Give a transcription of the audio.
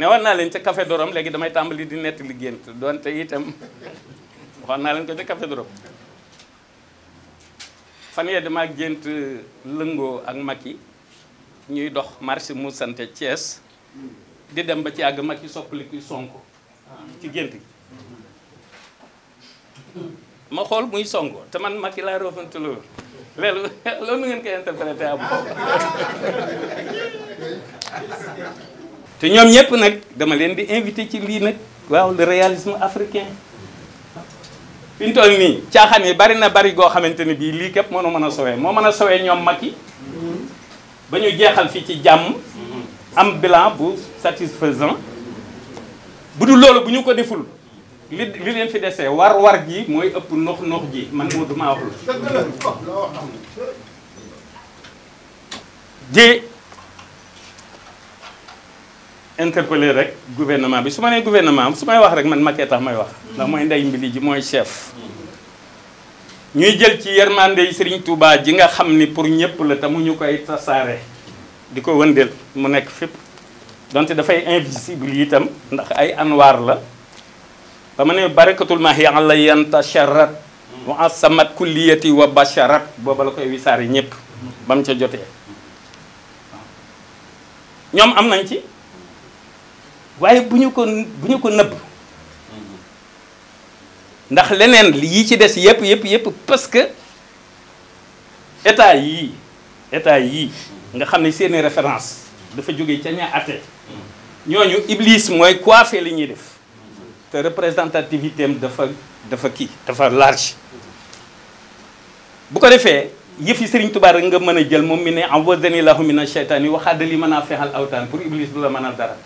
newal naa leen ca café dorom Rome léegi damay tambali di net li gént doonte itam waxoon na len ko ci café dorom Rome fan yee damaa gént ak maki ñuy dox marché mu santé Thiès di dem ba ci ag maki sopli ku Sonko ci gént ma xol muy songo te man lelu lo ngeen interpréter te ñom ñëpp nak dama leen di invité ci li nak waaw le réalisme africain fiñ ñu toll nii caaxaan bari na bari go xamanteni bi li kep képp moo mën a sowee moo mën a ci jamm am bilan bu satisfaisant bu dul loolu bu ko deful li li leen fi déssé war-war ji moy ëpp nox nox ji man mo duma waxul di interpeller rek gouvernement bi suma ma gouvernement suma wax rek man maké tax may wax ndax moy nday mbili ji moy chef ñuy jël ci yermande Serigne Touba ji nga xamni pour ñepp la tamu ñu koy tasaare mu donte fay invisible itam ndax ay anwar la ba ne barakatul mahi ala yantasharat wa asmat kulliyati wa basharat bobal koy nyep. ñëpp ba mu ca jotee ñom am ci waaye bu ñu ko bu ñu ko nëbb ndax leneen yi ci des yëpp yëpp yëpp parce que état yii état yii nga xam ne référence dafa jóge ca ñaa ate ñooñu iblis mooy coiffé li ñuy def te représentativité am dafa dafa kii dafa large bu ko defee yëf Serigne Touba rek nga mën jël moom mi ne am wasani lahu mina sheytaani waxaadali mën a fexal awtaan pour iblis du la dara